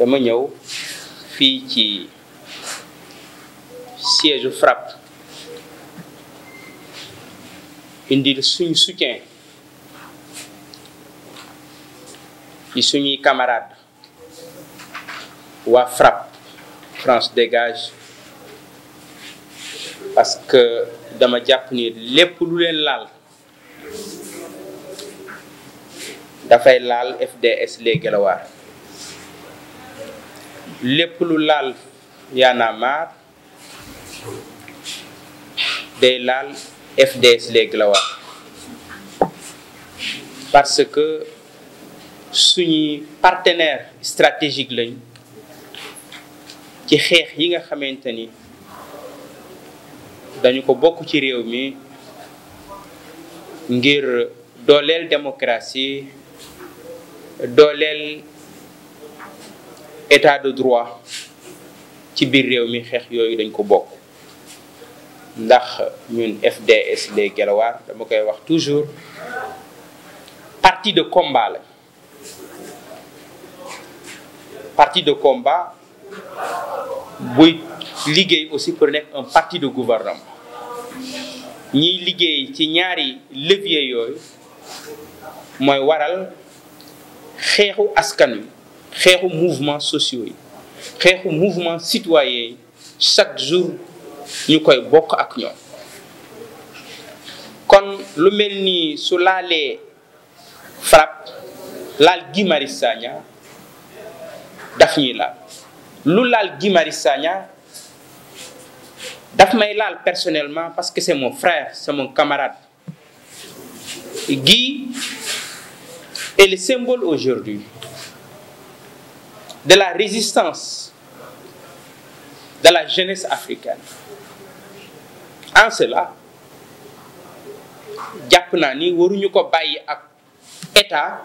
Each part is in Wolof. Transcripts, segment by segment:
dama ñëw fii ci siège FRAPP indi suñu sutin ci suñuy camarades waa FRAPP France degage parce dama jàpp ni lépp lu leen laal dafay laal FDS les Guelwaar lépp lu laal Y'en a marre day laal FDS les Guelwaar parce que suñuy partenaire stratégique lañ ci xeex yi nga xamante ni dañu ko bokk ci réew mi ngir dooleel démocratie dooleel état de droit ci biir réew mi xeex yooyu dañ ko bokk ndax ñun FDS les Guelwaar dama koy wax toujours parti de combat la parti de combat buy liggéey aussi pour nekk un parti de gouvernement ñiy liggéey ci ñaari levier yooyu mooy waral xeexu askan wi xeexu mouvement sociaux yi xeexu mouvement citoyen yi chaque jour ñu koy bokk ak ñoom kon lu mel nii su laalee FRAPP laal Guy Marius Sagna daf ñuy laal lu laal Guy Marius Sagna may laal personnellement parce que c'est mon frère c'est mon camarade Guy est le symbole aujourd'hui de la résistance de la jeunesse africaine. En cela jàpp naa ni waruñu ko bàyyi ak état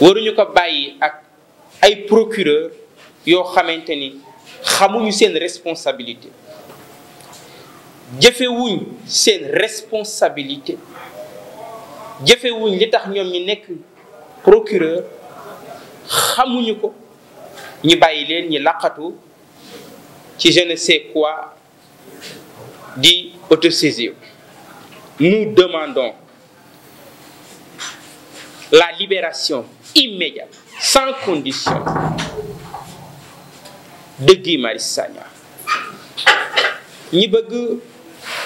waruñu ko bàyyi ak ay procureur yoo xamante ni xamuñu seen responsabilité jëfewuñ seen responsabilité jëfewuñ li tax ñoom ñi nekk procureur xamuñu ko ñi bàyyi leen ñi làqatu ci je ne sais quoi di autosaisir nous demandon la libération immédiate sans condition de Guy Marius ñi bëgg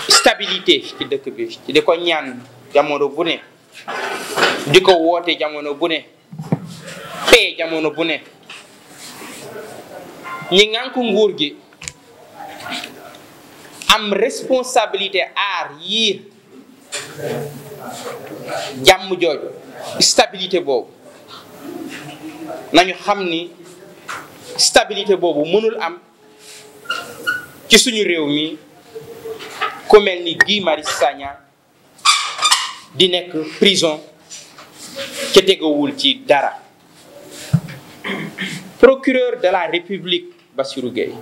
stabilité ci dëkk bi di ko ñaan jamono bu ne di ko woote jamono bu ne pee jamono bu ne ñi ngànk nguur gi am responsabilité aar yiir jàmm jooju stabilité boobu nañu xam ni stabilité boobu mënul am ci suñu réew mi ku mel ni Guy Marius Sagna di nekk prison ca ci dara procureur de la république ba Gueye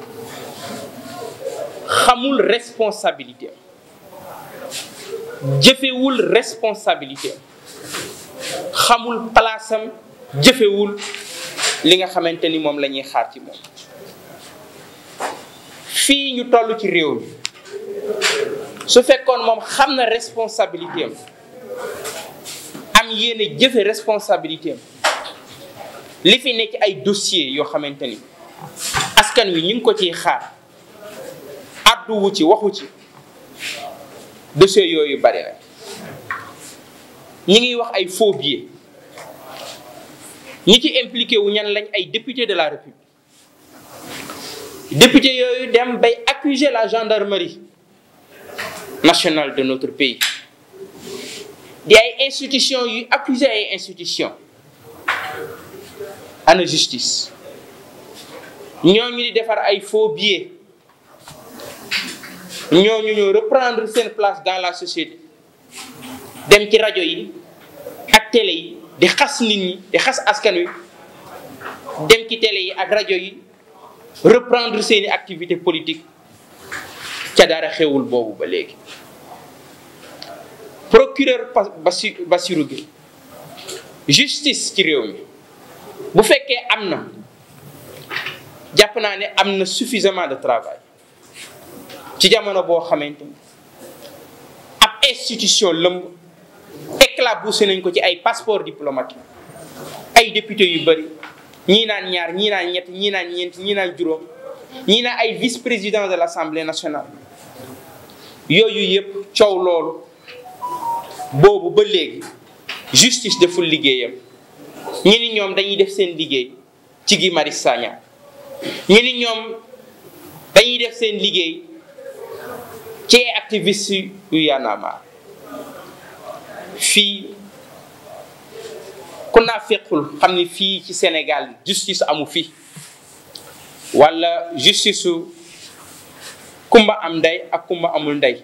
xamul responsabilité am jëfewul responsabilité xamul palaasam jëfewul li nga xamante ni moom la ñuy xaar ci moom fii ñu toll ci réew mi su fekkoon moom xam na responsabilité am yéene jëfe responsabilité am li fi nekk ay dossier yoo xamante ni askan wi ñu ngi ko ci xaar àdduwu ci waxu ci dossier yooyu bari na ñi ngiy wax ay faux billets ñi ci impliqué wu ñan lañ ay député de la république député yooyu dem bay accuser la gendarmerie nationale de notre pays di ay institution yu accuser ay institution ana justice ñooñu di defar ay faux ñoo ñooñu ñoo reprendre seen place dans la société dem ci rajo yi ak télé yi di xas nit ñi di xas askan wi dem ci télé yi ak rajo yi reprendre seeni activité politique ca dara xewul boobu ba léegi procureur Bassi Bassirou Guèye justice ci réew mi bu fekkee am na jàpp naa ne am na suffisamment de travail ci jamono boo xamante ni ab institution lëmb éclaboussé nañ ko ci ay passeport diplomatique ay député yu bëri ñii naan ñaar ñii naan ñett ñii naan ñeent ñii naan juróom ñii naan ay vice président de l'Assemblée nationale yooyu yëpp coow loolu boobu ba léegi justice deful liggéeyam ñi ni ñoom dañuy def seen liggéey ci Guy Marius ñoom dañuy def seen liggéey ci activiste yu Y'en fii ku naa fekkul xam ni fii ci Sénégal justice amu fi walla justice su kumba am ndey ak kumba amul ndey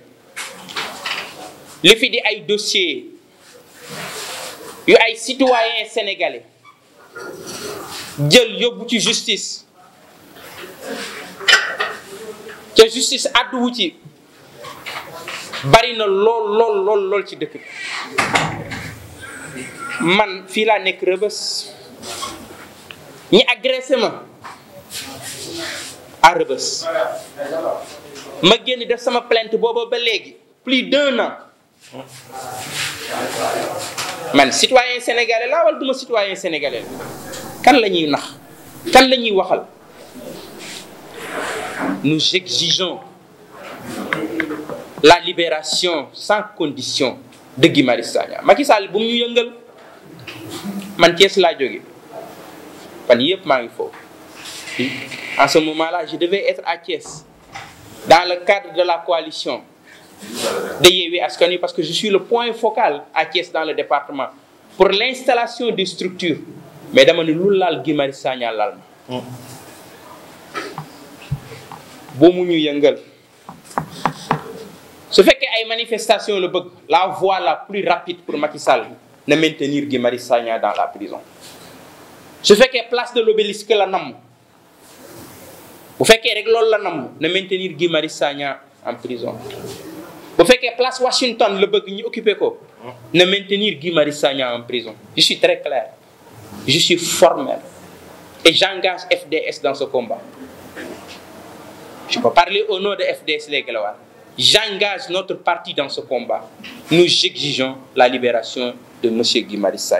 li fi di ay dossier yu ay citoyen sénégalais jël yóbbu ci justice ca justice àdduwu ci bari na lool lool lool ci dëkk bi man fii laa nekk rëbës ñi agressé ma à rëbës ma génn def sama plainte booba ba léegi plus d'un an man citoyen sénégalais laa wala duma citoyen sénégalais kan la ñuy nax kan la ñuy waxal nous exigeons la libération sans condition de Guy Marius Sagna bu mu ñu yëngal man Thiès laa jóge fan yëpp maa ngi foofu en ce moment là je devais être à Thiès dans le cadre de la coalition de Yewwi Askan Wi parce que je suis le point focal à Thiès dans le département pour l'installation des structures mais dama ne lu laal Guy Marius Sagna laal ma boo mu ñu yëngal su fekkee ay manifestation la bëgg la voie la plus rapide pour Macky Sall na maintenir Guy Marius Sagna dans la prison su fekkee place de l'obélisque la namm bu fekkee rek loolu la namm na maintenir Guy Marius Sagna en prison bu fekkee place Washington la bëgg ñu occuper ko na maintenir Guy Marius Sagna en prison je suis très clair je suis formel et j'engage FDS dans ce combat je peux parler au nom de FDS Les Guelwaars j'engage notre parti dans ce combat nous exigeons la libération de monsieur Guy Marius